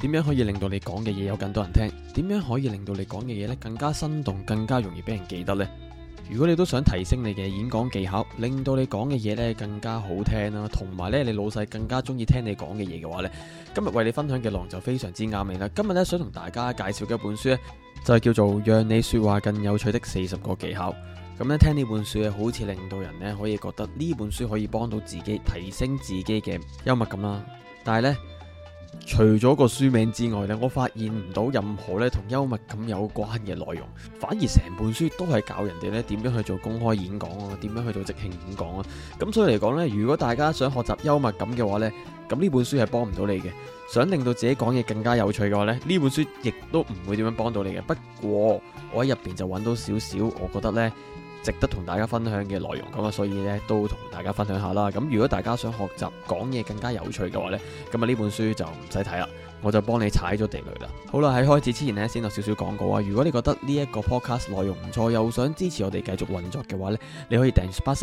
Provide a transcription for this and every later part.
點樣可以令到你講嘅嘢，有更多人聽？點樣可以令到你講嘅嘢咧更加生動、更加容易俾人記得呢？如果你都想提升你嘅演講技巧，令到你講嘅嘢咧更加好聽啦，同埋咧你老細更加中意聽你講嘅嘢嘅話咧，今日為你分享嘅內容就非常之啱你啦。今日咧想同大家介紹嘅一本書咧，就係叫做《讓你說話更有趣的四十個技巧》。咁咧聽呢本書好似令到人咧可以覺得呢本書可以幫到自己提升自己嘅幽默感啦。但係呢……除咗個書名之外咧，我發現唔到任何咧同幽默感有關嘅內容，反而成本書都係教人哋咧點樣去做公開演講啊，點樣去做即興演講啊。咁所以嚟講呢，如果大家想學習幽默感嘅話呢，咁呢本書係幫唔到你嘅。想令到自己講嘢更加有趣嘅話咧，呢本書亦都唔會點樣幫到你嘅。不過我喺入邊就揾到少少，我覺得呢。值得同大家分享嘅內容咁啊，所以咧都同大家分享下啦。咁如果大家想學習講嘢更加有趣嘅話咧，咁啊呢本書就唔使睇啦。我就幫你踩咗地雷啦。好啦，喺開始之前呢，先有少少廣告啊。如果你覺得呢一個 podcast 內容唔錯，又想支持我哋繼續運作嘅話呢，你可以訂閱 s p a c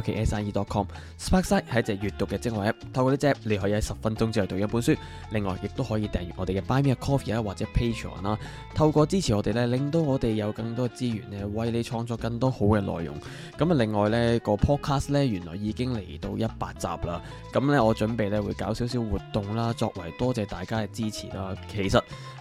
k s i d e com, s p l q s i c o m s p a r i d e 係一隻閱讀嘅精華 App，透過啲 App 你可以喺十分鐘之內讀一本書。另外，亦都可以訂閱我哋嘅 Buy Me a Coffee 啦，或者 Patreon 啦、啊。透過支持我哋呢，令到我哋有更多資源呢，為你創作更多好嘅內容。咁啊，另外呢個 podcast 呢，原來已經嚟到一百集啦。咁呢，我準備呢會搞少少，少活動啦，作為多謝大家。支持啦，其實。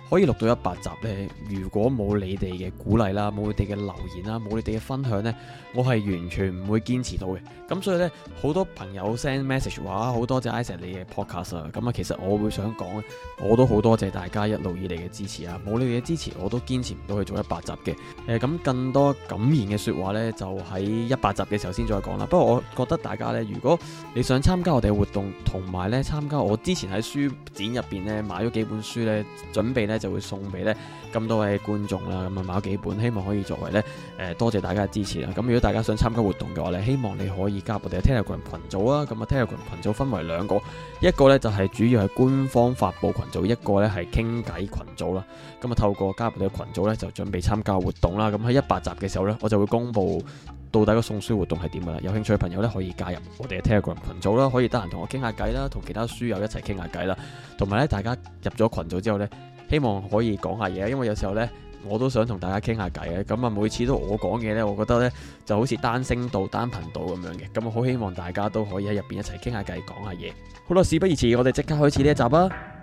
可以錄到一百集呢？如果冇你哋嘅鼓勵啦，冇你哋嘅留言啦，冇你哋嘅分享呢，我係完全唔會堅持到嘅。咁所以呢，好多朋友 send message 話好多謝 i s a t 你嘅 podcast 啊。咁啊，其實我會想講，我都好多謝大家一路以嚟嘅支持啊！冇你哋嘅支持，我都堅持唔到去做一百集嘅。咁、啊、更多感言嘅説話呢，就喺一百集嘅時候先再講啦。不過我覺得大家呢，如果你想參加我哋嘅活動，同埋呢參加我之前喺書展入邊呢買咗幾本書呢準備呢。就會送俾咧咁多位觀眾啦，咁啊買幾本，希望可以作為咧誒、呃、多謝大家嘅支持啦。咁如果大家想參加活動嘅話咧，希望你可以加入我哋嘅 Telegram 群組啦。咁啊 Telegram 群組分為兩個，一個咧就係、是、主要係官方發布群組，一個咧係傾偈群組啦。咁啊透過加入我哋嘅群組咧，就準備參加活動啦。咁喺一百集嘅時候咧，我就會公布到底個送書活動係點噶啦。有興趣嘅朋友咧，可以加入我哋嘅 Telegram 群組啦，可以得閒同我傾下偈啦，同其他書友一齊傾下偈啦。同埋咧，大家入咗群組之後咧。希望可以講下嘢，因為有時候呢，我都想同大家傾下偈嘅。咁啊，每次都我講嘢呢，我覺得呢就好似單聲道、單頻道咁樣嘅。咁我好希望大家都可以喺入邊一齊傾下偈、講下嘢。好啦，事不宜遲，我哋即刻開始呢一集啊！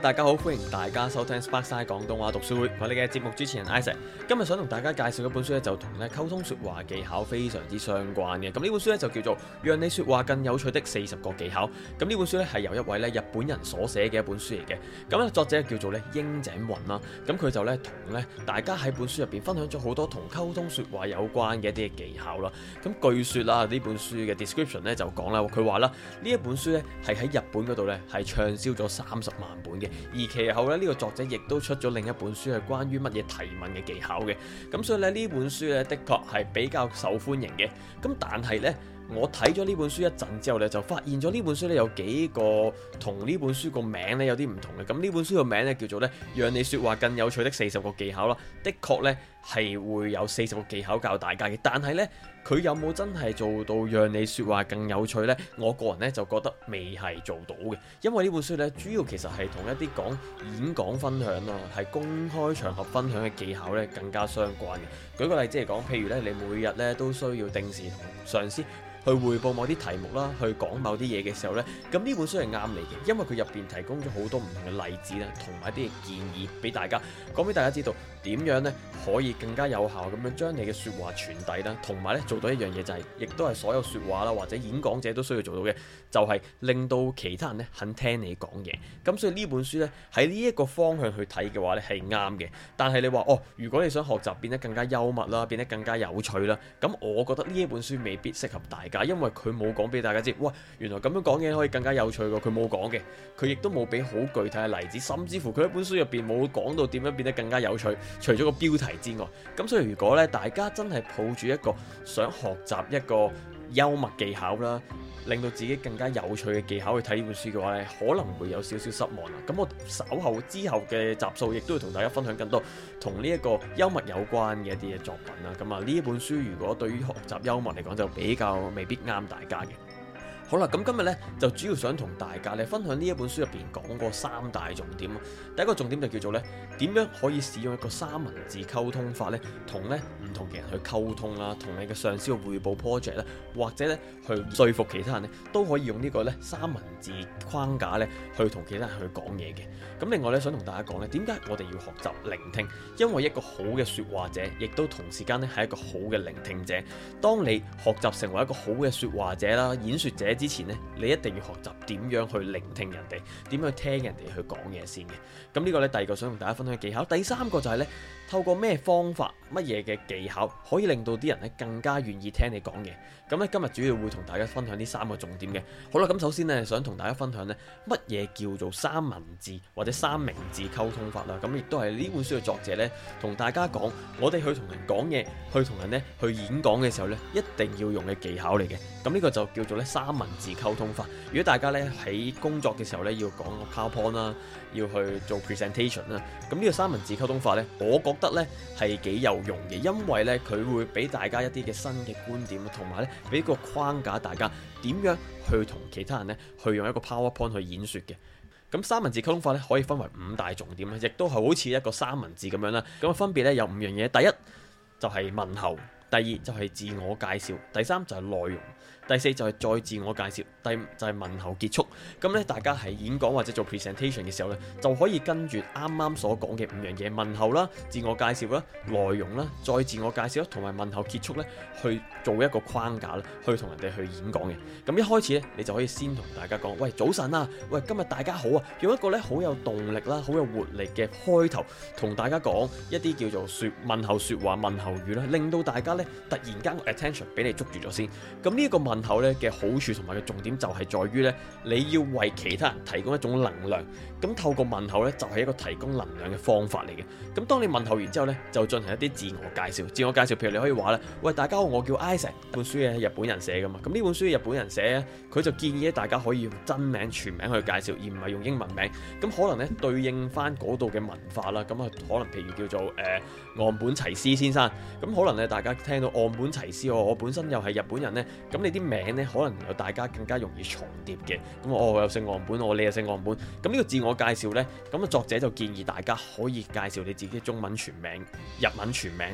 大家好，歡迎大家收聽 Sparkside 廣東話讀書會。我哋嘅節目主持人 Isaac，今日想同大家介紹一本書咧，就同咧溝通說話技巧非常之相關嘅。咁呢本書咧就叫做《讓你說話更有趣的四十個技巧》。咁呢本書咧係由一位日本人所寫嘅一本書嚟嘅。咁作者叫做咧英井雲啦。咁佢就咧同咧大家喺本書入邊分享咗好多同溝通說話有關嘅一啲技巧啦。咁據說啊，呢本書嘅 description 咧就講啦，佢話啦呢一本書咧係喺日本嗰度咧係暢銷咗三十萬本嘅。而其後咧，呢個作者亦都出咗另一本書，係關於乜嘢提問嘅技巧嘅。咁所以咧，呢本書咧的確係比較受歡迎嘅。咁但係呢，我睇咗呢本書一陣之後呢，就發現咗呢本書呢，有幾個同呢本書個名呢有啲唔同嘅。咁呢本書個名呢，叫做呢「讓你說話更有趣的四十個技巧」啦。的確呢，係會有四十個技巧教大家嘅，但係呢。佢有冇真係做到讓你說話更有趣呢？我個人呢，就覺得未係做到嘅，因為呢本書呢，主要其實係同一啲講演講分享啊，係公開場合分享嘅技巧呢更加相關嘅。舉個例子嚟講，譬如呢，你每日呢都需要定時同上司去匯報某啲題目啦，去講某啲嘢嘅時候呢，咁呢本書係啱你嘅，因為佢入邊提供咗好多唔同嘅例子啦，同埋一啲嘅建議俾大家講俾大家知道。點樣咧可以更加有效咁樣將你嘅説話傳遞啦，同埋咧做到一樣嘢就係，亦都係所有説話啦或者演講者都需要做到嘅，就係令到其他人咧肯聽你講嘢。咁所以呢本書咧喺呢一個方向去睇嘅話咧係啱嘅。但係你話哦，如果你想學習變得更加幽默啦，變得更加有趣啦，咁我覺得呢一本書未必適合大家，因為佢冇講俾大家知，哇，原來咁樣講嘢可以更加有趣嘅，佢冇講嘅，佢亦都冇俾好具體嘅例子，甚至乎佢喺本書入邊冇講到點樣變得更加有趣。除咗個標題之外，咁所以如果咧大家真係抱住一個想學習一個幽默技巧啦，令到自己更加有趣嘅技巧去睇呢本書嘅話咧，可能會有少少失望啦。咁我稍後之後嘅集數亦都會同大家分享更多同呢一個幽默有關嘅一啲嘅作品啦。咁啊，呢一本書如果對於學習幽默嚟講，就比較未必啱大家嘅。好啦，咁今日呢，就主要想同大家咧分享呢一本書入邊講過三大重點啊。第一個重點就叫做呢，點樣可以使用一個三文治溝通法呢，呢同呢唔同嘅人去溝通啦、同、啊、你嘅上司嘅匯報 project 啦、啊，或者呢去說服其他人呢都可以用呢個呢三文治框架呢去同其他人去講嘢嘅。咁另外呢，想同大家講呢，點解我哋要學習聆聽？因為一個好嘅說話者，亦都同時間呢，係一個好嘅聆聽者。當你學習成為一個好嘅說話者啦、演說者。之前呢，你一定要學習點樣去聆聽人哋，點樣聽人哋去講嘢先嘅。咁呢個呢，第二個想同大家分享嘅技巧，第三個就係呢。透過咩方法、乜嘢嘅技巧，可以令到啲人咧更加願意聽你講嘢？咁咧今日主要會同大家分享呢三個重點嘅。好啦，咁首先咧想同大家分享咧乜嘢叫做三文治或者三明治溝通法啦。咁亦都係呢本書嘅作者呢，同大家講，我哋去同人講嘢、去同人咧去演講嘅時候呢，一定要用嘅技巧嚟嘅。咁、這、呢個就叫做咧三文治溝通法。如果大家呢喺工作嘅時候呢，要講個 PowerPoint 啦。要去做 presentation 啦，咁呢個三文治溝通法呢，我覺得呢係幾有用嘅，因為呢，佢會俾大家一啲嘅新嘅觀點啦，同埋呢，俾個框架大家點樣去同其他人呢，去用一個 PowerPoint 去演説嘅。咁三文治溝通法呢，可以分為五大重點啦，亦都係好似一個三文治咁樣啦。咁分別呢有五樣嘢，第一就係問候，第二就係、是、自我介紹，第三就係、是、內容。第四就係再自我介紹，第五就係、是、問候結束。咁咧，大家喺演講或者做 presentation 嘅時候咧，就可以跟住啱啱所講嘅五樣嘢：問候啦、自我介紹啦、內容啦、再自我介紹啦，同埋問候結束咧，去做一個框架啦，去同人哋去演講嘅。咁一開始咧，你就可以先同大家講：喂，早晨啊！喂，今日大家好啊！用一個咧好有動力啦、好有活力嘅開頭，同大家講一啲叫做説問候説話、問候語啦，令到大家咧突然間 attention 俾你捉住咗先。咁呢一個問後咧嘅好處同埋嘅重點就係在於咧，你要為其他人提供一種能量。咁透過問候咧就係、是，一個提供能量嘅方法嚟嘅。咁當你問候完之後咧，就進行一啲自我介紹。自我介紹譬如你可以話咧：喂，大家好，我叫 Isa 本書嘅係日本人寫噶嘛。咁呢本書日本人寫佢就建議大家可以用真名全名去介紹，而唔係用英文名。咁可能咧對應翻嗰度嘅文化啦。咁啊，可能譬如叫做誒、呃、岸本齊斯先生。咁可能咧大家聽到岸本齊斯我，本身又係日本人呢。咁你啲名呢，可能有大家更加容易重疊嘅。咁、哦、我又姓岸本，我你又姓岸本。咁呢個自我我介紹呢咁啊，作者就建議大家可以介紹你自己中文全名、日文全名。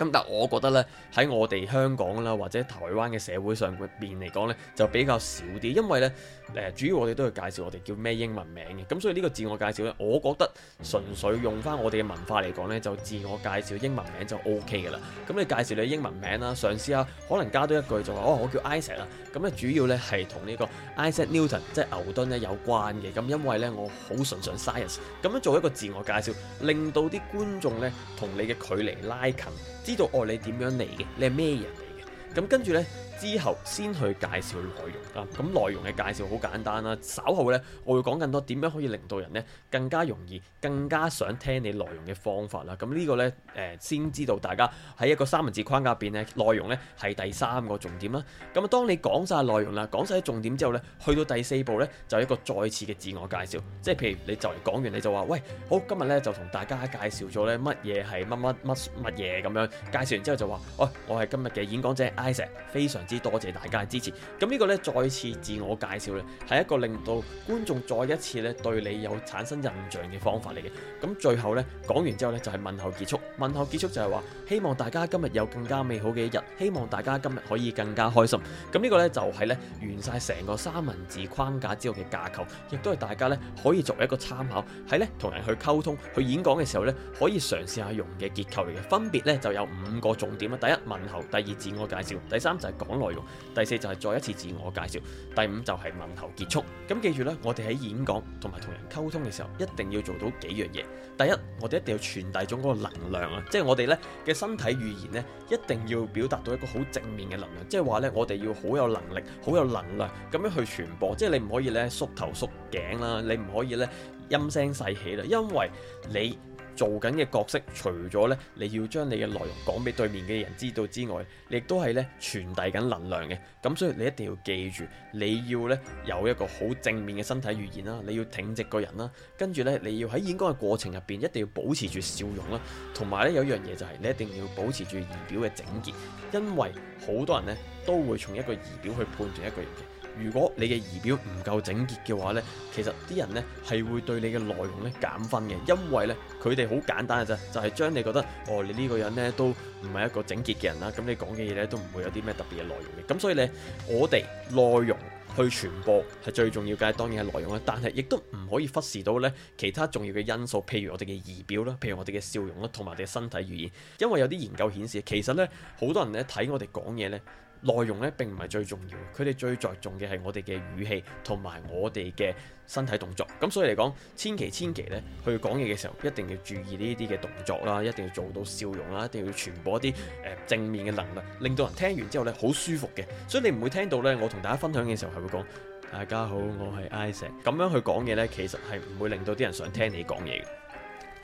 咁但我覺得咧，喺我哋香港啦或者台灣嘅社會上邊嚟講咧，就比較少啲，因為咧誒、呃、主要我哋都要介紹我哋叫咩英文名嘅，咁所以呢個自我介紹咧，我覺得純粹用翻我哋嘅文化嚟講咧，就自我介紹英文名就 O K 㗎啦。咁你介紹你英文名啦，上司啊，可能加多一句就話、哦：，我叫 Isaac 啦。咁咧主要咧係同呢個 Isaac Newton 即係牛頓咧有關嘅。咁因為咧我好純粹 science，咁樣做一個自我介紹，令到啲觀眾咧同你嘅距離拉近。知道哦，你點樣嚟嘅？你係咩人嚟嘅？咁跟住咧。之後先去介紹內容啊，咁內容嘅介紹好簡單啦，稍後呢，我會講更多點樣可以令到人呢更加容易、更加想聽你內容嘅方法啦。咁、啊、呢、這個呢，誒、呃、先知道大家喺一個三文治框架入邊呢，內容呢係第三個重點啦。咁啊，當你講晒內容啦，講晒重點之後呢，去到第四步呢，就一個再次嘅自我介紹，即係譬如你就嚟講完你就話喂，好今日呢就同大家介紹咗呢乜嘢係乜乜乜乜嘢咁樣，介紹完之後就話，哦、哎，我係今日嘅演講者 Isaac，非常。之多謝大家嘅支持，咁呢個呢，再次自我介紹呢，係一個令到觀眾再一次呢對你有產生印象嘅方法嚟嘅。咁最後呢，講完之後呢，就係問候結束。問候結束就係話希望大家今日有更加美好嘅一日，希望大家今日可以更加開心。咁呢個呢，就係呢，完晒成個三文治框架之後嘅架構，亦都係大家呢可以作為一個參考，係呢同人去溝通去演講嘅時候呢，可以嘗試下用嘅結構嚟嘅。分別呢，就有五個重點啊，第一問候，第二自我介紹，第三就係講。內容第四就係再一次自我介紹，第五就係問候結束。咁記住呢，我哋喺演講同埋同人溝通嘅時候，一定要做到幾樣嘢。第一，我哋一定要傳遞咗嗰個能量啊，即係我哋呢嘅身體語言呢，一定要表達到一個好正面嘅能量，即係話呢，我哋要好有能力、好有能量咁樣去傳播。即係你唔可以呢縮頭縮頸啦，你唔可以呢陰聲細氣啦，因為你。做緊嘅角色，除咗咧，你要將你嘅內容講俾對面嘅人知道之外，亦都係咧傳遞緊能量嘅。咁所以你一定要記住，你要咧有一個好正面嘅身體語言啦，你要挺直個人啦，跟住咧你要喺演講嘅過程入邊一定要保持住笑容啦，同埋咧有一樣嘢就係你一定要保持住儀表嘅整潔，因為好多人咧都會從一個儀表去判斷一個人嘅。如果你嘅儀表唔夠整潔嘅話呢，其實啲人呢係會對你嘅內容呢減分嘅，因為呢，佢哋好簡單嘅啫，就係將你覺得哦，你呢個人呢都唔係一個整潔嘅人啦，咁你講嘅嘢呢都唔會有啲咩特別嘅內容嘅，咁所以呢，我哋內容去傳播係最重要嘅，當然係內容啦，但係亦都唔可以忽視到呢其他重要嘅因素，譬如我哋嘅儀表啦，譬如我哋嘅笑容啦，同埋我哋嘅身體語言，因為有啲研究顯示，其實呢，好多人呢睇我哋講嘢呢。內容咧並唔係最重要，佢哋最着重嘅係我哋嘅語氣同埋我哋嘅身體動作。咁所以嚟講，千祈千祈咧去講嘢嘅時候，一定要注意呢啲嘅動作啦，一定要做到笑容啦，一定要傳播一啲誒、呃、正面嘅能量，令到人聽完之後咧好舒服嘅。所以你唔會聽到咧，我同大家分享嘅時候係會講：大家好，我係 I 石。咁樣去講嘢咧，其實係唔會令到啲人想聽你講嘢嘅。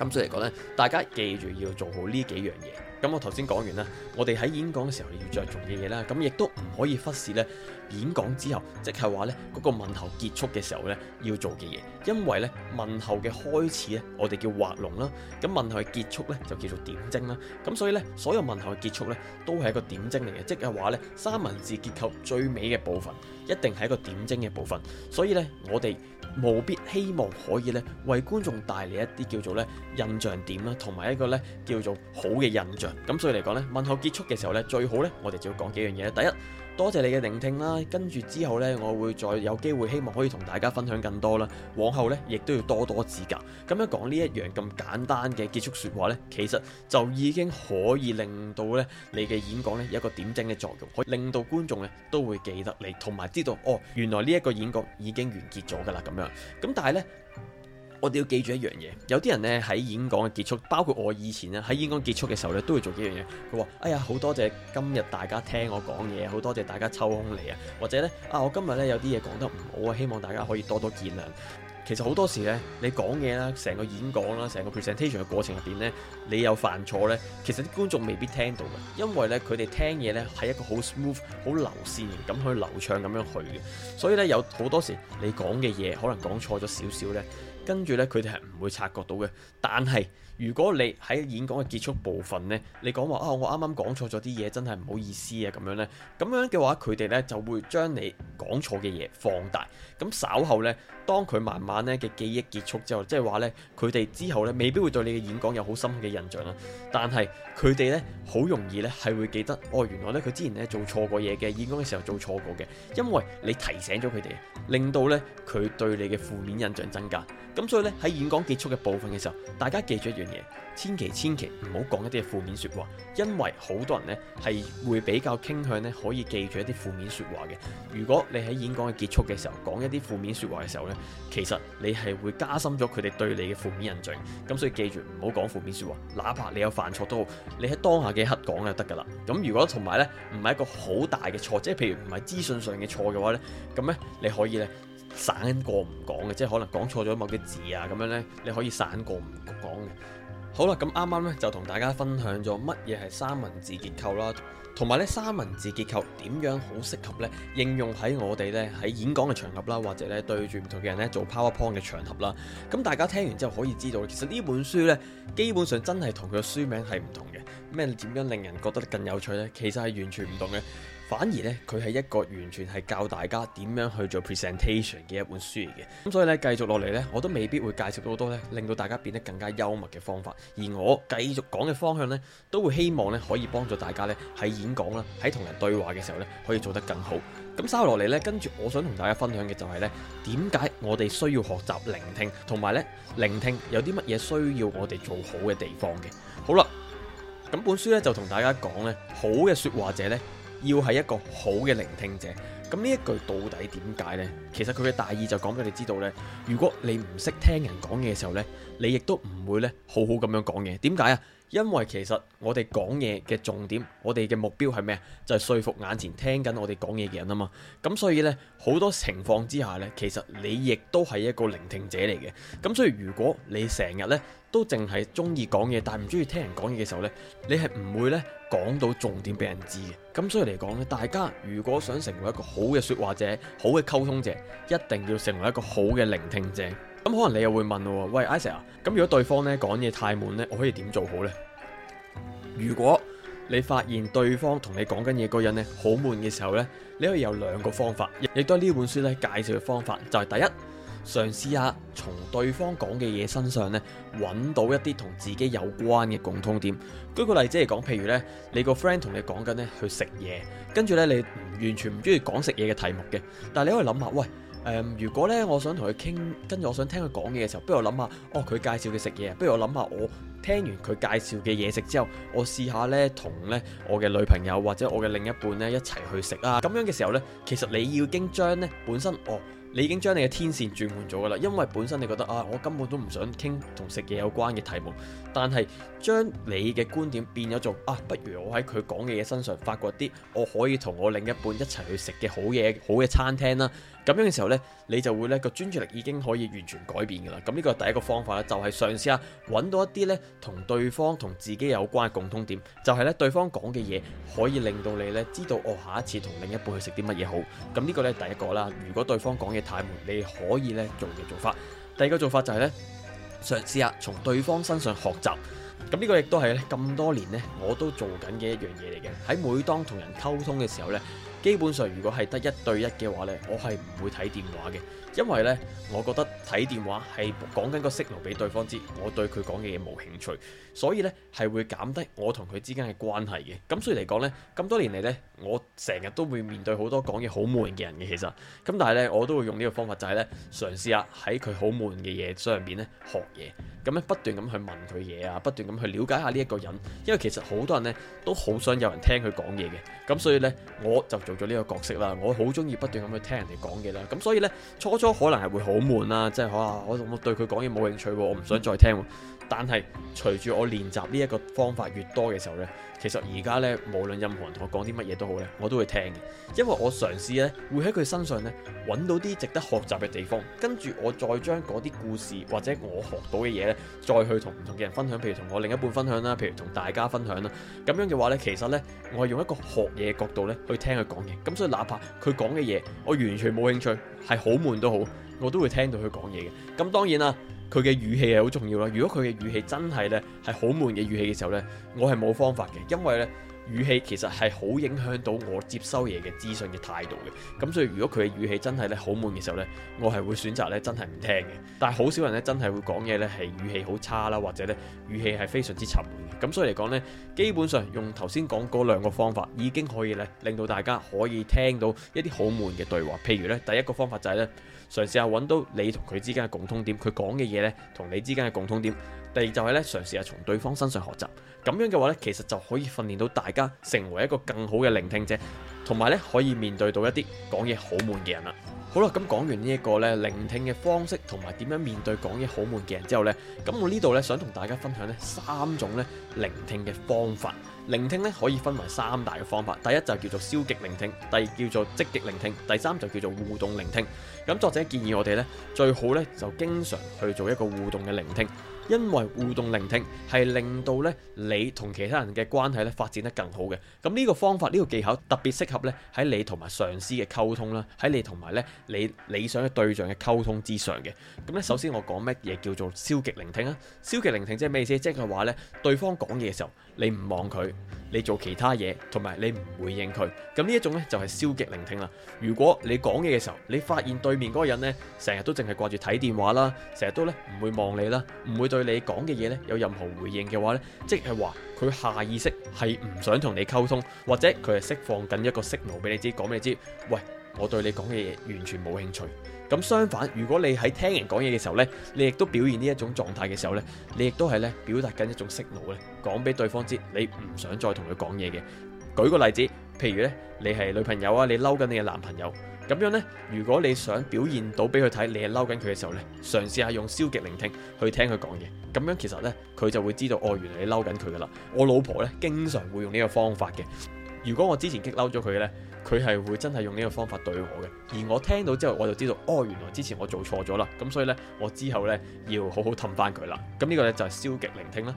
咁所以嚟講咧，大家記住要做好呢幾樣嘢。咁我頭先講完啦，我哋喺演講嘅時候要著重嘅嘢啦，咁亦都唔可以忽視咧演講之後，即係話咧嗰個問候結束嘅時候咧要做嘅嘢，因為咧問候嘅開始咧我哋叫畫龍啦，咁問候嘅結束咧就叫做點睛啦，咁所以咧所有問候嘅結束咧都係一個點睛嚟嘅，即係話咧三文治結構最尾嘅部分。一定係一個點睛嘅部分，所以呢，我哋務必希望可以呢為觀眾帶嚟一啲叫做呢印象點啦，同埋一個呢叫做好嘅印象。咁所以嚟講呢，問候結束嘅時候呢，最好呢，我哋就要講幾樣嘢。第一，多謝你嘅聆聽啦，跟住之後呢，我會再有機會，希望可以同大家分享更多啦。往後呢，亦都要多多指教。咁樣講呢一樣咁簡單嘅結束説話呢，其實就已經可以令到呢你嘅演講呢有一個點睛嘅作用，可以令到觀眾呢都會記得你，同埋知道哦，原來呢一個演講已經完結咗㗎啦，咁樣。咁但係呢。我哋要記住一樣嘢，有啲人呢，喺演講嘅結束，包括我以前呢，喺演講結束嘅時候呢，都會做幾樣嘢。佢話：哎呀，好多謝今日大家聽我講嘢，好多謝大家抽空嚟啊。或者呢，啊，我今日呢，有啲嘢講得唔好啊，希望大家可以多多見諒。其實好多時呢，你講嘢啦，成個演講啦，成個 presentation 嘅過程入邊呢，你有犯錯呢，其實啲觀眾未必聽到嘅，因為呢，佢哋聽嘢呢，係一個好 smooth 好流線咁去流暢咁樣去嘅。所以呢，有好多時你講嘅嘢可能講錯咗少少呢。跟住呢，佢哋係唔會察覺到嘅，但係，如果你喺演講嘅結束部分呢，你講話啊，我啱啱講錯咗啲嘢，真係唔好意思啊咁樣呢，咁樣嘅話，佢哋呢就會將你講錯嘅嘢放大。咁稍後呢，當佢慢慢呢嘅記憶結束之後，即係話呢，佢哋之後呢未必會對你嘅演講有好深嘅印象啦。但係佢哋呢好容易呢係會記得，哦，原來呢，佢之前呢做錯過嘢嘅演講嘅時候做錯過嘅，因為你提醒咗佢哋，令到呢，佢對你嘅負面印象增加。咁所以呢，喺演講結束嘅部分嘅時候，大家記住，千祈千祈唔好講一啲負面說話，因為好多人呢係會比較傾向呢可以記住一啲負面說話嘅。如果你喺演講嘅結束嘅時候講一啲負面說話嘅時候呢，其實你係會加深咗佢哋對你嘅負面印象。咁所以記住唔好講負面說話。哪怕你有犯錯都好，你喺當下嘅一刻講就得噶啦。咁如果同埋呢唔係一個好大嘅錯，即係譬如唔係資訊上嘅錯嘅話呢，咁呢你可以呢。省過唔講嘅，即係可能講錯咗某啲字啊咁樣呢，你可以省過唔講嘅。好啦，咁啱啱呢，就同大家分享咗乜嘢係三文治結構啦，同埋呢，三文治結構點樣好適合呢，應用喺我哋呢，喺演講嘅場合啦，或者呢對住唔同嘅人呢做 PowerPoint 嘅場合啦。咁大家聽完之後可以知道，其實呢本書呢，基本上真係同佢嘅書名係唔同嘅。咩點樣令人覺得更有趣呢？其實係完全唔同嘅。反而呢，佢係一個完全係教大家點樣去做 presentation 嘅一本書嚟嘅。咁所以呢繼續落嚟呢，我都未必會介紹到好多呢，令到大家變得更加幽默嘅方法。而我繼續講嘅方向呢，都會希望呢可以幫助大家呢喺演講啦，喺同人對話嘅時候呢可以做得更好。咁稍後落嚟呢，跟住我想同大家分享嘅就係呢，點解我哋需要學習聆聽，同埋呢聆聽有啲乜嘢需要我哋做好嘅地方嘅。好啦，咁本書呢就同大家講呢好嘅說話者呢，要係一個好嘅聆聽者，咁呢一句到底點解呢？其實佢嘅大意就講俾你知道呢：如果你唔識聽人講嘢嘅時候呢，你亦都唔會呢好好咁樣講嘢。點解啊？因為其實我哋講嘢嘅重點，我哋嘅目標係咩？就係說服眼前聽緊我哋講嘢嘅人啊嘛。咁所以呢，好多情況之下呢，其實你亦都係一個聆聽者嚟嘅。咁所以如果你成日呢……都淨係中意講嘢，但係唔中意聽人講嘢嘅時候呢，你係唔會咧講到重點俾人知嘅。咁所以嚟講咧，大家如果想成為一個好嘅說話者、好嘅溝通者，一定要成為一個好嘅聆聽者。咁可能你又會問啦，喂 Isaac 啊，咁如果對方呢講嘢太悶呢，我可以點做好呢？」如果你發現對方同你講緊嘢嗰人呢好悶嘅時候呢，你可以有兩個方法，亦都係呢本書咧介紹嘅方法，就係第一。嘗試下從對方講嘅嘢身上咧，揾到一啲同自己有關嘅共通點。舉個例子嚟講，譬如咧，你個 friend 同你講緊咧去食嘢，跟住咧你完全唔中意講食嘢嘅題目嘅。但係你可以諗下，喂、呃，如果呢，我想同佢傾，跟住我想聽佢講嘢嘅時候，不如我諗下，哦，佢介紹嘅食嘢，不如我諗下，我聽完佢介紹嘅嘢食之後，我試下呢同呢我嘅女朋友或者我嘅另一半呢一齊去食啊。咁樣嘅時候呢，其實你要已經將咧本身哦。你已經將你嘅天線轉換咗㗎啦，因為本身你覺得啊，我根本都唔想傾同食嘢有關嘅題目，但係將你嘅觀點變咗做啊，不如我喺佢講嘅嘢身上發掘啲我可以同我另一半一齊去食嘅好嘢，好嘅餐廳啦。咁樣嘅時候呢，你就會呢個專注力已經可以完全改變噶啦。咁呢個第一個方法咧，就係嘗試下揾到一啲呢同對方同自己有關嘅共通點，就係呢對方講嘅嘢可以令到你呢知道我下一次同另一半去食啲乜嘢好。咁呢個呢，第一個啦。如果對方講嘢太悶，你可以呢做嘅做法。第二個做法就係呢，嘗試下從對方身上學習。咁呢個亦都係咧咁多年呢，我都做緊嘅一樣嘢嚟嘅。喺每當同人溝通嘅時候呢。基本上，如果係得一對一嘅話咧，我係唔會睇電話嘅。因為呢，我覺得睇電話係講緊個信號，俾對方知，我對佢講嘅嘢冇興趣，所以呢係會減低我同佢之間嘅關係嘅。咁所以嚟講呢，咁多年嚟呢，我成日都會面對好多講嘢好悶嘅人嘅。其實，咁但係呢，我都會用呢個方法，就係呢：嘗試下喺佢好悶嘅嘢上面呢學嘢，咁呢不斷咁去問佢嘢啊，不斷咁去了解下呢一個人。因為其實好多人呢都好想有人聽佢講嘢嘅，咁所以呢，我就做咗呢個角色啦。我好中意不斷咁去聽人哋講嘢啦，咁所以呢。初初。都可能係會好悶啦，即係哇、啊，我我對佢講嘢冇興趣喎、啊，我唔想再聽喎、啊。但係隨住我練習呢一個方法越多嘅時候呢，其實而家呢，無論任何人同我講啲乜嘢都好呢，我都會聽嘅，因為我嘗試呢，會喺佢身上呢揾到啲值得學習嘅地方，跟住我再將嗰啲故事或者我學到嘅嘢呢，再去同唔同嘅人分享，譬如同我另一半分享啦，譬如同大家分享啦，咁樣嘅話呢，其實呢，我係用一個學嘢角度呢去聽佢講嘢。咁所以哪怕佢講嘅嘢我完全冇興趣係好悶都好，我都會聽到佢講嘢嘅，咁當然啦。佢嘅語氣係好重要啦，如果佢嘅語氣真係呢，係好悶嘅語氣嘅時候呢，我係冇方法嘅，因為呢語氣其實係好影響到我接收嘢嘅資訊嘅態度嘅。咁所以如果佢嘅語氣真係咧好悶嘅時候呢，我係會選擇咧真係唔聽嘅。但係好少人呢真係會講嘢呢係語氣好差啦，或者呢語氣係非常之沉悶嘅。咁所以嚟講呢，基本上用頭先講嗰兩個方法已經可以呢令到大家可以聽到一啲好悶嘅對話。譬如呢，第一個方法就係呢。嘗試下揾到你同佢之間嘅共通點，佢講嘅嘢呢，同你之間嘅共通點。第二就係呢，嘗試下從對方身上學習，咁樣嘅話呢，其實就可以訓練到大家成為一個更好嘅聆聽者，同埋呢可以面對到一啲講嘢好悶嘅人啦。好啦，咁講完呢一個呢聆聽嘅方式，同埋點樣面對講嘢好悶嘅人之後呢，咁我呢度呢，想同大家分享呢三種呢聆聽嘅方法。聆聽呢可以分為三大嘅方法，第一就叫做消極聆聽，第二叫做積極聆聽，第三就叫做互動聆聽。咁作者建議我哋呢最好呢就經常去做一個互動嘅聆聽，因為互動聆聽係令到呢你同其他人嘅關係呢發展得更好嘅。咁呢個方法呢個技巧特別適合呢喺你同埋上司嘅溝通啦，喺你同埋呢你理想嘅對象嘅溝通之上嘅。咁呢，首先我講乜嘢叫做消極聆聽啊？消極聆聽即係咩意思？即係話呢對方講嘢嘅時候，你唔望佢。你做其他嘢，同埋你唔回應佢，咁呢一種咧就係消極聆聽啦。如果你講嘢嘅時候，你發現對面嗰個人呢，成日都淨係掛住睇電話啦，成日都咧唔會望你啦，唔會對你講嘅嘢呢有任何回應嘅話呢，即係話佢下意識係唔想同你溝通，或者佢係釋放緊一個信號俾你知，講俾你知，喂，我對你講嘅嘢完全冇興趣。咁相反，如果你喺聽人講嘢嘅時候呢，你亦都表現呢一種狀態嘅時候呢，你亦都係咧表達緊一種息怒呢，講俾對方知你唔想再同佢講嘢嘅。舉個例子，譬如呢，你係女朋友啊，你嬲緊你嘅男朋友，咁樣呢，如果你想表現到俾佢睇你係嬲緊佢嘅時候呢，嘗試下用消極聆聽去聽佢講嘢，咁樣其實呢，佢就會知道哦，原來你嬲緊佢噶啦。我老婆呢，經常會用呢個方法嘅。如果我之前激嬲咗佢呢，佢係會真係用呢個方法對我嘅，而我聽到之後我就知道，哦，原來之前我做錯咗啦，咁所以呢，我之後呢要好好氹翻佢啦，咁呢個呢，就係消極聆聽啦。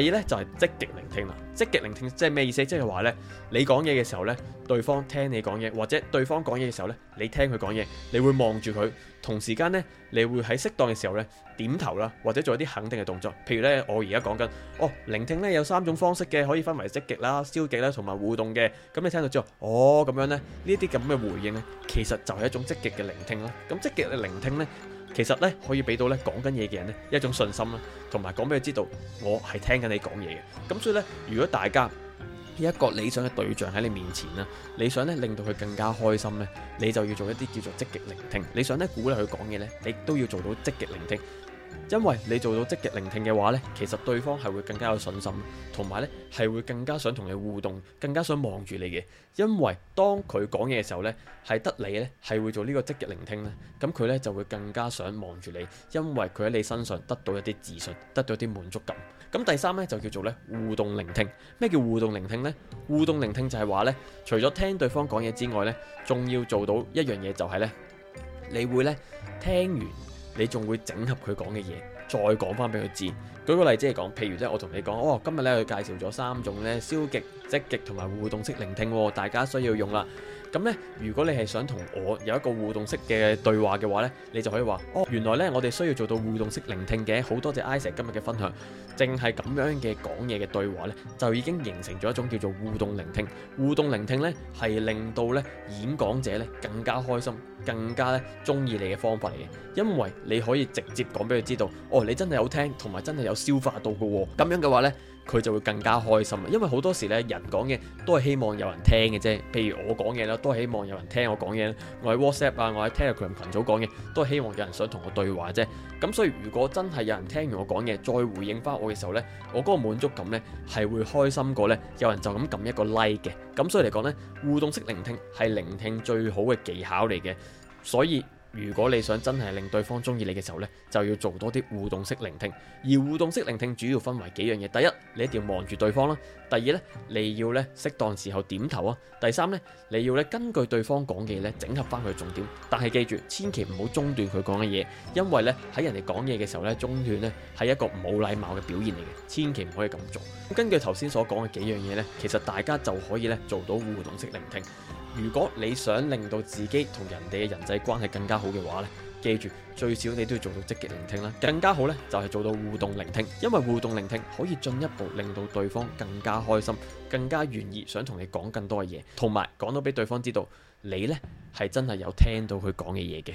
第二呢就係積極聆聽啦，積極聆聽即係咩意思？即係話呢，你講嘢嘅時候呢，對方聽你講嘢；或者對方講嘢嘅時候呢，你聽佢講嘢。你會望住佢，同時間呢，你會喺適當嘅時候呢點頭啦，或者做一啲肯定嘅動作。譬如呢，我而家講緊哦，聆聽呢有三種方式嘅，可以分為積極啦、消極啦同埋互動嘅。咁你聽到之後，哦咁樣呢，呢一啲咁嘅回應呢，其實就係一種積極嘅聆聽啦。咁積極嘅聆聽呢。其實咧可以俾到咧講緊嘢嘅人呢一種信心啦，同埋講俾佢知道我係聽緊你講嘢嘅。咁所以呢，如果大家一個理想嘅對象喺你面前啦，你想咧令到佢更加開心呢，你就要做一啲叫做積極聆聽。你想咧鼓勵佢講嘢呢，你都要做到積極聆聽。因為你做到積極聆聽嘅話呢，其實對方係會更加有信心，同埋呢係會更加想同你互動，更加想望住你嘅。因為當佢講嘢嘅時候呢，係得你呢係會做呢個積極聆聽呢，咁佢呢就會更加想望住你，因為佢喺你身上得到一啲自信，得到一啲滿足感。咁第三呢，就叫做呢互動聆聽。咩叫互動聆聽呢？互動聆聽就係話呢，除咗聽對方講嘢之外呢，仲要做到一樣嘢就係呢：你會呢聽完。你仲會整合佢講嘅嘢，再講翻俾佢知。舉個例子嚟講，譬如咧，我同你講，哦，今日咧佢介紹咗三種咧，消極、積極同埋互動式聆聽喎，哦，大家需要用啦。咁咧，如果你係想同我有一個互動式嘅對話嘅話呢，你就可以話：哦，原來呢，我哋需要做到互動式聆聽嘅。好多謝 Isa 今日嘅分享，淨係咁樣嘅講嘢嘅對話呢，就已經形成咗一種叫做互動聆聽。互動聆聽呢，係令到呢演講者呢更加開心，更加咧中意你嘅方法嚟嘅，因為你可以直接講俾佢知道：哦，你真係有聽，同埋真係有消化到嘅喎。咁樣嘅話呢。佢就會更加開心啦，因為好多時咧人講嘅都係希望有人聽嘅啫，譬如我講嘢咧都係希望有人聽我講嘢，我喺 WhatsApp 啊，我喺 Telegram 群組講嘢都係希望有人想同我對話啫。咁所以如果真係有人聽完我講嘢再回應翻我嘅時候呢，我嗰個滿足感呢係會開心過呢有人就咁撳一個 like 嘅。咁所以嚟講呢，互動式聆聽係聆聽最好嘅技巧嚟嘅，所以。如果你想真係令對方中意你嘅時候呢，就要做多啲互動式聆聽。而互動式聆聽主要分為幾樣嘢，第一，你一定要望住對方啦啊；第二呢，你要呢適當時候點頭啊；第三呢，你要呢根據對方講嘅嘢，整合翻佢重點。但係記住，千祈唔好中斷佢講嘅嘢，因為呢喺人哋講嘢嘅時候呢，中斷呢係一個冇禮貌嘅表現嚟嘅，千祈唔可以咁做。根據頭先所講嘅幾樣嘢呢，其實大家就可以呢做到互動式聆聽。如果你想令到自己同人哋嘅人際關係更加好嘅話，咧，記住最少你都要做到積極聆聽啦，更加好呢，就係、是、做到互動聆聽，因為互動聆聽可以進一步令到對方更加開心、更加願意想同你講更多嘅嘢，同埋講到俾對方知道你呢，係真係有聽到佢講嘅嘢嘅。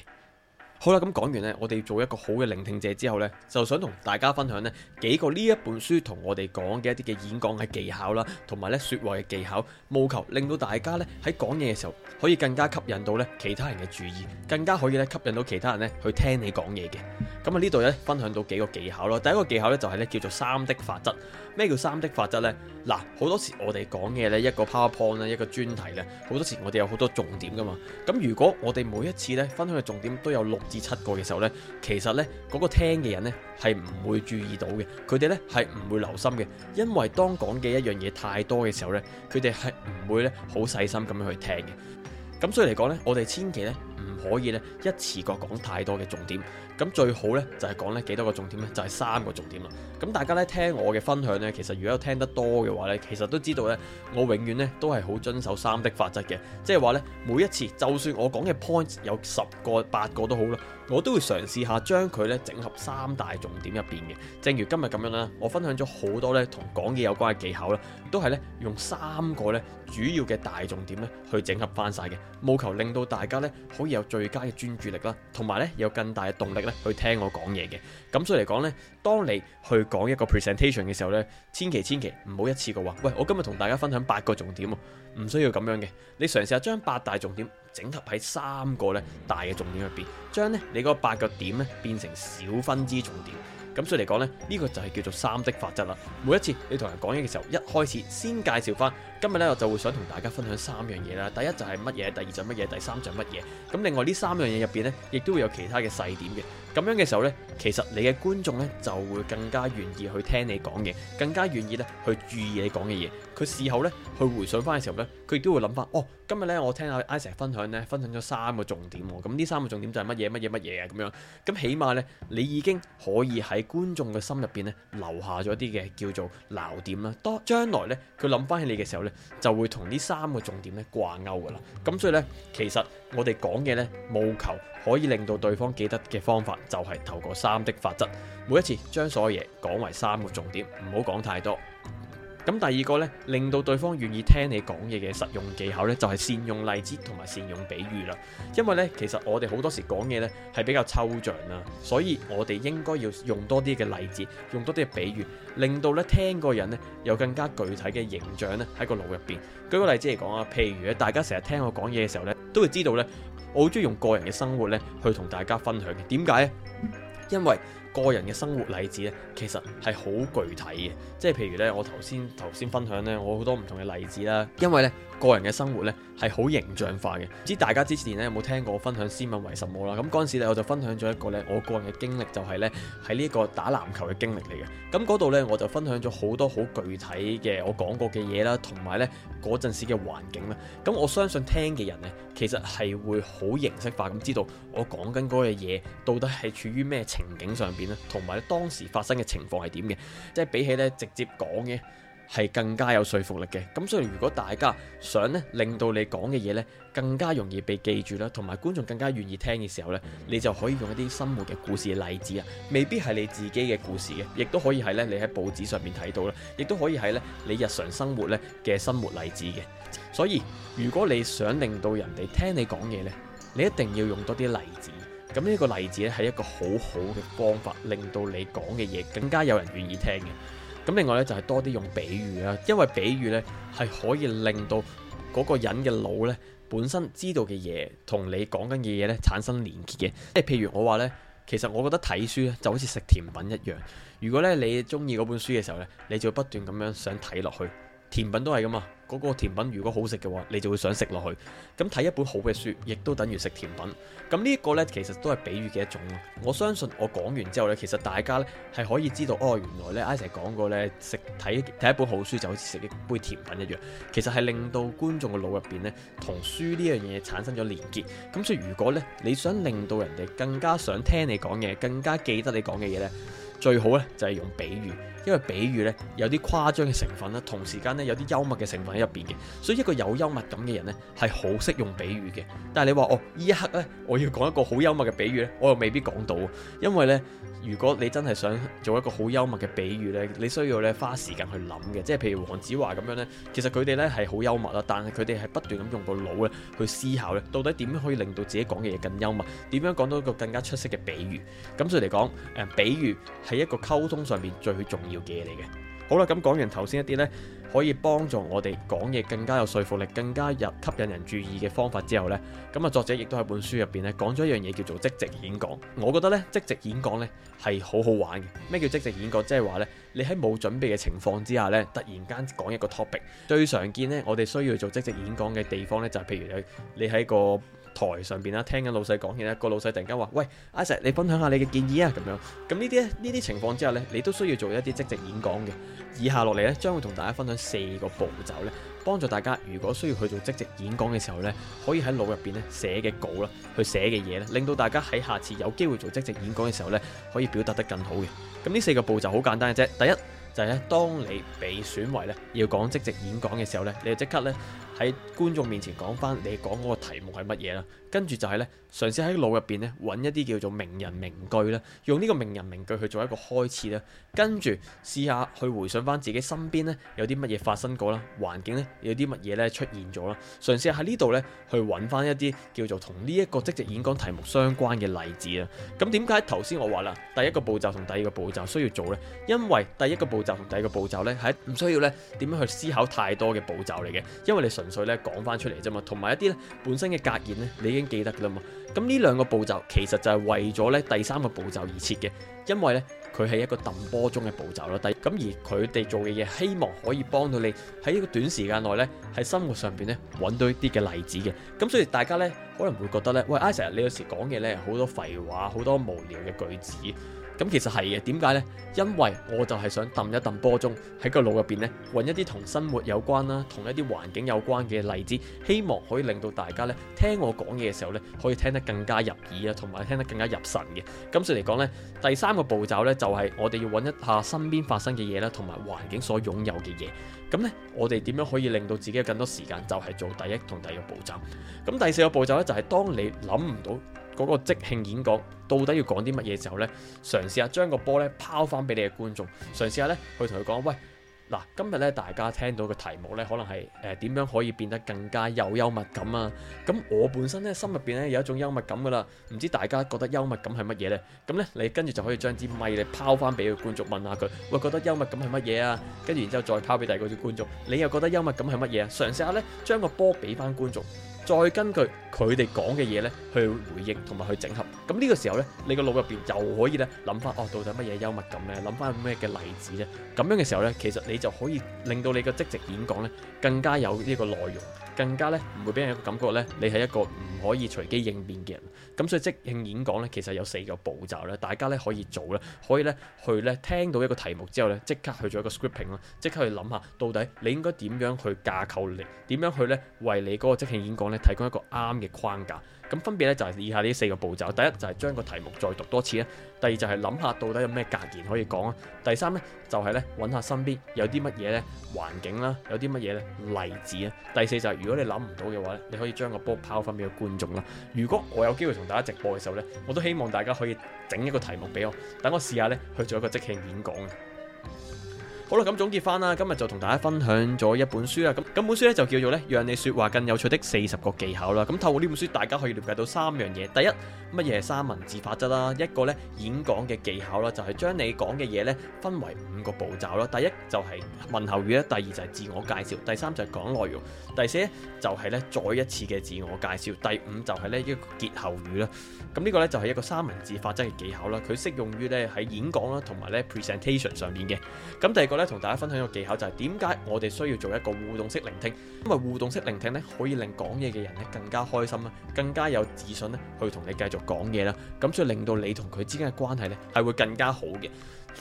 好啦，咁講完咧，我哋要做一個好嘅聆聽者之後咧，就想同大家分享咧幾個呢一本書同我哋講嘅一啲嘅演講嘅技巧啦，同埋咧説話嘅技巧，務求令到大家咧喺講嘢嘅時候，可以更加吸引到咧其他人嘅注意，更加可以咧吸引到其他人咧去聽你講嘢嘅。咁啊呢度咧分享到幾個技巧咯。第一個技巧咧就係咧叫做三的法則。咩叫三的法則呢？嗱，好多時我哋講嘢咧一個 PowerPoint 一個專題咧，好多時我哋有好多重點噶嘛。咁如果我哋每一次咧分享嘅重點都有六至七個嘅時候咧，其實咧嗰個聽嘅人咧係唔會注意到嘅，佢哋咧係唔會留心嘅，因為當講嘅一樣嘢太多嘅時候咧，佢哋係唔會咧好細心咁樣去聽嘅。咁所以嚟講咧，我哋千祈咧唔可以咧一次過講太多嘅重點。咁最好咧就係講咧幾多個重點咧，就係三個重點啦。咁大家咧聽我嘅分享咧，其實如果聽得多嘅話咧，其實都知道咧，我永遠咧都係好遵守三的法則嘅，即係話咧每一次，就算我講嘅 point 有十個八個都好啦，我都會嘗試下將佢咧整合三大重點入邊嘅。正如今日咁樣啦，我分享咗好多咧同講嘢有關嘅技巧啦，都係咧用三個咧主要嘅大重點咧去整合翻晒嘅，務求令到大家咧可以有最佳嘅專注力啦，同埋咧有更大嘅動力。去聽我講嘢嘅，咁所以嚟講呢，當你去講一個 presentation 嘅時候呢，千祈千祈唔好一次過話，喂，我今日同大家分享八個重點啊，哦，唔需要咁樣嘅。你嘗試下將八大重點整合喺三個呢大嘅重點入邊，將呢你嗰八個點呢變成小分支重點。咁所以嚟講呢，呢個就係叫做三的法則啦。每一次你同人講嘢嘅時候，一開始先介紹翻，今日呢，我就會想同大家分享三樣嘢啦。第一就係乜嘢，第二就係乜嘢，第三就係乜嘢。咁另外呢三樣嘢入邊呢，亦都會有其他嘅細點嘅。咁樣嘅時候呢，其實你嘅觀眾呢，就會更加願意去聽你講嘢，更加願意咧去注意你講嘅嘢。佢事後咧去回想翻嘅時候咧，佢亦都會諗翻，哦，今日咧我聽下 Isaac 分享咧，分享咗三個重點，咁呢三個重點就係乜嘢乜嘢乜嘢啊，咁樣。咁起碼咧你已經可以喺觀眾嘅心入邊咧留下咗啲嘅叫做錨點啦。當將來咧佢諗翻起你嘅時候咧，就會同呢三個重點咧掛勾噶啦。咁所以咧，其實我哋講嘢咧，務求可以令到對方記得嘅方法就係透過三的法則，每一次將所有嘢講為三個重點，唔好講太多。咁第二個咧，令到對方願意聽你講嘢嘅實用技巧咧，就係善用例子同埋善用比喻啦。因為咧，其實我哋好多時講嘢咧係比較抽象啦，所以我哋應該要用多啲嘅例子，用多啲嘅比喻，令到咧聽個人咧有更加具體嘅形象咧喺個腦入邊。舉個例子嚟講啊，譬如咧，大家成日聽我講嘢嘅時候咧，都會知道咧，我好中意用個人嘅生活咧去同大家分享嘅。點解咧？因為個人嘅生活例子咧，其實係好具體嘅，即係譬如咧，我頭先頭先分享咧，我好多唔同嘅例子啦，因為咧個人嘅生活咧。係好形象化嘅，唔知大家之前咧有冇聽過我分享斯文為什麼啦？咁嗰陣時咧我就分享咗一個咧，我個人嘅經歷就係咧喺呢個打籃球嘅經歷嚟嘅。咁嗰度咧我就分享咗好多好具體嘅我講過嘅嘢啦，同埋咧嗰陣時嘅環境啦。咁我相信聽嘅人咧其實係會好形式化咁知道我講緊嗰嘅嘢到底係處於咩情景上邊咧，同埋咧當時發生嘅情況係點嘅，即係比起咧直接講嘅，係更加有說服力嘅，咁所以如果大家想咧令到你講嘅嘢咧更加容易被記住啦，同埋觀眾更加願意聽嘅時候咧，你就可以用一啲生活嘅故事例子啊，未必係你自己嘅故事嘅，亦都可以係咧你喺報紙上面睇到啦，亦都可以係咧你日常生活咧嘅生活例子嘅。所以如果你想令到人哋聽你講嘢咧，你一定要用多啲例子。咁呢一個例子咧係一個好好嘅方法，令到你講嘅嘢更加有人願意聽嘅。咁另外咧，就係多啲用比喻啦。因為比喻咧，係可以令到嗰個人嘅腦咧，本身知道嘅嘢，同你講緊嘅嘢咧，產生連結嘅，即係譬如我話咧，其實我覺得睇書咧，就好似食甜品一樣，如果咧你中意嗰本書嘅時候咧，你就不斷咁樣想睇落去。甜品都係咁啊。嗰、那個甜品如果好食嘅話，你就會想食落去。咁睇一本好嘅書，亦都等於食甜品。咁呢一個呢，其實都係比喻嘅一種咯。我相信我講完之後呢，其實大家呢係可以知道，哦，原來呢，阿成講過呢，食睇睇一本好書就好似食一杯甜品一樣。其實係令到觀眾嘅腦入邊呢，同書呢樣嘢產生咗連結。咁所以如果呢，你想令到人哋更加想聽你講嘢，更加記得你講嘅嘢呢，最好呢，就係、是、用比喻。因為比喻咧有啲誇張嘅成分啦，同時間咧有啲幽默嘅成分喺入邊嘅，所以一個有幽默感嘅人咧係好識用比喻嘅。但係你話哦，呢一刻咧我要講一個好幽默嘅比喻咧，我又未必講到，因為咧如果你真係想做一個好幽默嘅比喻咧，你需要咧花時間去諗嘅。即係譬如黃子華咁樣咧，其實佢哋咧係好幽默啦，但係佢哋係不斷咁用個腦咧去思考咧，到底點樣可以令到自己講嘅嘢更幽默，點樣講到一個更加出色嘅比喻。咁所以嚟講，誒，比喻係一個溝通上面最重要嘅，好啦，咁講完頭先一啲呢，可以幫助我哋講嘢更加有說服力、更加入吸引人注意嘅方法之後呢，咁啊，作者亦都喺本書入邊呢講咗一樣嘢叫做即席演講。我覺得呢，即席演講呢係好好玩嘅。咩叫即席演講？即係話呢，你喺冇準備嘅情況之下呢，突然間講一個 topic。最常見呢，我哋需要做即席演講嘅地方呢，就係譬如你你喺個。台上邊啦，聽緊老細講嘢咧，個老細突然間話，喂，阿石，你分享下你嘅建議啊，咁樣。咁呢啲呢啲情況之下咧，你都需要做一啲即席演講嘅。以下落嚟咧，將會同大家分享四個步驟咧，幫助大家如果需要去做即席演講嘅時候咧，可以喺腦入邊咧寫嘅稿啦，去寫嘅嘢咧，令到大家喺下次有機會做即席演講嘅時候咧，可以表達得更好嘅。咁呢四個步驟好簡單嘅啫。第一就係、是、咧，當你被選為咧要講即席演講嘅時候咧，你就即刻咧。喺觀眾面前講翻你講嗰個題目係乜嘢啦，跟住就係呢，嘗試喺腦入邊咧揾一啲叫做名人名句咧，用呢個名人名句去做一個開始啦，跟住試下去回想翻自己身邊呢，有啲乜嘢發生過啦，環境呢，有啲乜嘢呢出現咗啦，嘗試喺呢度呢，去揾翻一啲叫做同呢一個即席演講題目相關嘅例子啦。咁點解頭先我話啦，第一個步驟同第二個步驟需要做呢？因為第一個步驟同第二個步驟呢，係唔需要呢點樣去思考太多嘅步驟嚟嘅，因為你所以講翻出嚟啫嘛，同埋一啲咧本身嘅格言咧，你已經記得噶啦嘛。咁呢兩個步驟其實就係為咗咧第三個步驟而設嘅，因為咧佢係一個揼波鐘嘅步驟咯。第咁而佢哋做嘅嘢，希望可以幫到你喺一個短時間內咧，喺生活上邊咧揾到一啲嘅例子嘅。咁所以大家咧可能會覺得咧，喂，阿 Sir，你有時講嘢咧好多廢話，好多無聊嘅句子。咁其實係嘅，點解呢？因為我就係想揼一揼波鐘喺個腦入邊呢，揾一啲同生活有關啦，同一啲環境有關嘅例子，希望可以令到大家呢，聽我講嘢嘅時候呢，可以聽得更加入耳啊，同埋聽得更加入神嘅。咁所以嚟講呢，第三個步驟呢，就係我哋要揾一下身邊發生嘅嘢啦，同埋環境所擁有嘅嘢。咁呢，我哋點樣可以令到自己有更多時間就係做第一同第二步驟？咁第四個步驟呢，就係當你諗唔到，嗰個即興演講到底要講啲乜嘢時候呢？嘗試下將個波呢拋翻俾你嘅觀眾，嘗試下呢，去同佢講，喂，嗱，今日呢，大家聽到嘅題目呢，可能係誒點樣可以變得更加有幽默感啊！咁我本身呢，心入邊呢，有一種幽默感噶啦，唔知大家覺得幽默感係乜嘢呢？咁呢，你跟住就可以將支咪呢拋翻俾個觀眾問下佢，喂，覺得幽默感係乜嘢啊？跟住然之後再拋俾第二個觀眾，你又覺得幽默感係乜嘢啊？嘗試下呢，將個波俾翻觀眾。再根據佢哋講嘅嘢咧，去回應同埋去整合。咁呢個時候咧，你個腦入邊又可以咧諗翻哦，到底乜嘢幽默感呢？諗翻咩嘅例子呢？」咁樣嘅時候咧，其實你就可以令到你個即席演講咧，更加有呢個內容。更加咧唔會俾人感覺咧，你係一個唔可以隨機應變嘅人。咁所以即興演講咧，其實有四個步驟咧，大家咧可以做咧，可以咧去咧聽到一個題目之後咧，即刻去做一個 scripting 啦，即刻去諗下到底你應該點樣去架構你，點樣去咧為你嗰個即興演講咧提供一個啱嘅框架。咁分別咧就係以下呢四個步驟，第一就係將個題目再讀多次啊，第二就係諗下到底有咩格言可以講啊，第三咧就係咧揾下身邊有啲乜嘢咧環境啦，有啲乜嘢咧例子啊，第四就係如果你諗唔到嘅話咧，你可以將個波拋翻俾個觀眾啦。如果我有機會同大家直播嘅時候咧，我都希望大家可以整一個題目俾我，等我試下咧去做一個即興演講。好啦，咁總結翻啦，今日就同大家分享咗一本書啦。咁咁本書咧就叫做咧讓你說話更有趣的四十個技巧啦。咁透過呢本書，大家可以了解到三樣嘢。第一，乜嘢係三文治法則啦？一個咧演講嘅技巧啦，就係將你講嘅嘢咧分為五個步驟啦。第一就係問候語啦，第二就係自我介紹，第三就係講內容，第四就係咧再一次嘅自我介紹，第五就係咧一個結後語啦。咁呢個咧就係一個三文治法則嘅技巧啦。佢適用於咧喺演講啦同埋咧 presentation 上面嘅。咁第二個。同大家分享一個技巧，就係點解我哋需要做一個互動式聆聽，因為互動式聆聽咧可以令講嘢嘅人咧更加開心啦，更加有自信咧去同你繼續講嘢啦，咁所以令到你同佢之間嘅關係咧係會更加好嘅，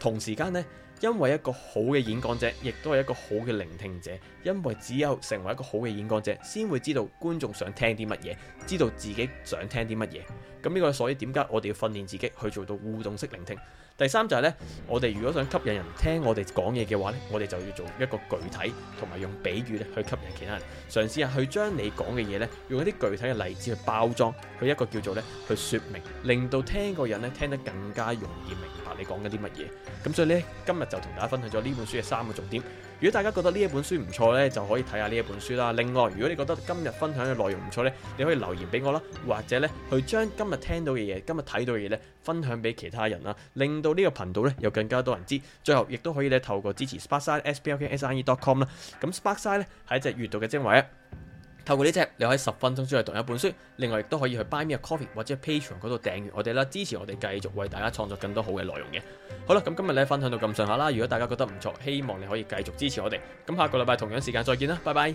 同時間呢。因為一個好嘅演講者，亦都係一個好嘅聆聽者。因為只有成為一個好嘅演講者，先會知道觀眾想聽啲乜嘢，知道自己想聽啲乜嘢。咁呢個所以點解我哋要訓練自己去做到互動式聆聽？第三就係呢，我哋如果想吸引人聽我哋講嘢嘅話呢，我哋就要做一個具體，同埋用比喻咧去吸引其他人。嘗試下、啊、去將你講嘅嘢呢，用一啲具體嘅例子去包裝，去一個叫做呢去說明，令到聽個人呢聽得更加容易明白你講緊啲乜嘢。咁所以呢，今日。就同大家分享咗呢本書嘅三個重點。如果大家覺得呢一本書唔錯呢，就可以睇下呢一本書啦。另外，如果你覺得今日分享嘅內容唔錯呢，你可以留言俾我啦，或者呢去將今日聽到嘅嘢、今日睇到嘅嘢呢分享俾其他人啦，令到呢個頻道呢有更加多人知。最後，亦都可以呢透過支持 s p a c i f y Spk、Spire.com 啦。咁 s p a c i f y 呢係一隻閲讀嘅精華啊！透過呢隻，你可以十分鐘之內讀一本書，另外亦都可以去 Buy Me a Coffee 或者 Patreon 嗰度訂閱我哋啦，支持我哋繼續為大家創作更多好嘅內容嘅。好啦，咁今日咧分享到咁上下啦，如果大家覺得唔錯，希望你可以繼續支持我哋，咁下個禮拜同樣時間再見啦，拜拜。